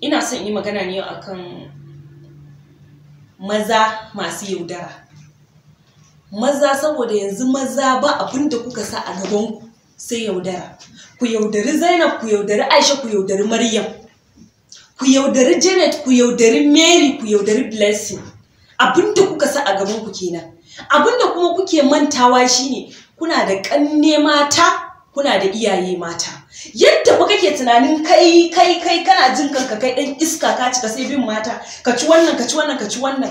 ina son yi magana ne kan maza masu yaudara maza saboda yanzu maza ba abin da kuka sa a gaban ku sai yaudara ku yaudari zainab ku yaudari aisha ku yaudari maryam ku yaudari janet ku yaudari mary ku yaudari blessing Abinda kuka sa a gaban ku kenan abin da kuma kuke mantawa shine kuna da ƙanne mata kuna da iyaye mata yadda ba kake tunanin kai kai kai kana jin kanka kai dan iska ka cika sai bin mata ka ci wannan ka ci wannan ka ci wannan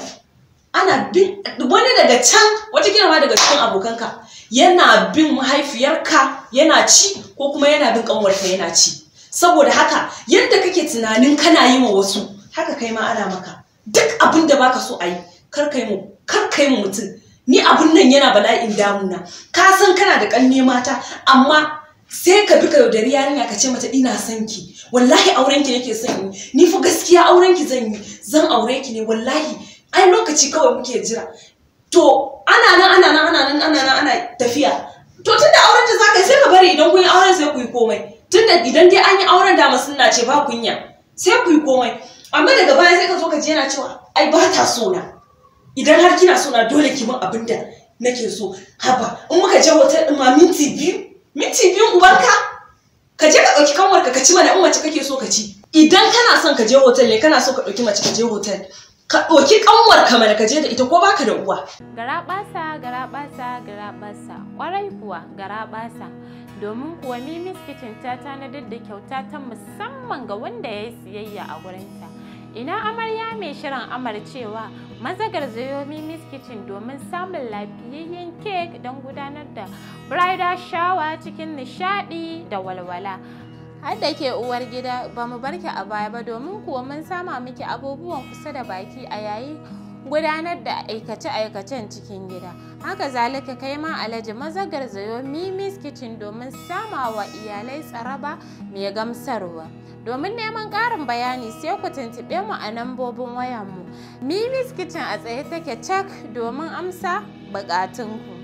ana bin wani daga can wata ma daga cikin abokanka yana bin mahaifiyarka yana ci ko kuma yana bin kanwarka yana ci saboda haka yadda kake tunanin kana yi wa wasu haka kai ma ana maka duk abin da baka so a yi kar kai mu kar kai mu mutum ni abun nan yana bala'in damuna ka san kana da kanne mata amma sai ka bi ka yaudari yarinya ka ce mata ina son ki wallahi auren ki nake son yi ni fa gaskiya auren ki zan yi zan aure ki ne wallahi ai lokaci kawai muke jira to ana nan ana nan ana nan ana nan ana tafiya to tunda auren da zaka sai ka bari idan kun yi auren sai ku yi komai tunda idan dai an yi auren da masunna ce ba kunya sai ku yi komai amma daga baya sai ka zo ka je yana cewa ai ba ta so na idan har kina so na dole ki min abin da nake so haba in muka je ma minti biyu minti biyun ubarka, ka je ka ɗauki kanwarka ka ci mana in mace kake so ka ci idan kana son ka je hotel ne kana so ka ɗauki mace ka je hotel ka ɗauki kanwarka mana ka je da ita ko baka da uwa. Gara ɓasa gara ɓasa ƙwarai kuwa gara domin kuwa Mimi's Kitchen ta tanadar da kyauta ta musamman ga wanda ya yi siyayya a gurinta. ina amarya mai shirin amarcewa mazagar zayomi miss kitchen domin samun lafiyayyen kek don gudanar da bridal shower cikin nishadi da walwala har ke uwar gida ba mu barki a baya ba domin kuwa mun sama miki abubuwan kusa da baki a yayi gudanar da aikace-aikacen cikin gida. Haka zalika kai ma alhaji maza garzayo Mimi's Kitchen domin sama wa iyalai tsaraba mai gamsarwa. Domin neman ƙarin bayani sai ku tuntuɓe mu a nambobin wayanmu. Mimi's Kitchen a tsaye take cak domin amsa buƙatunku.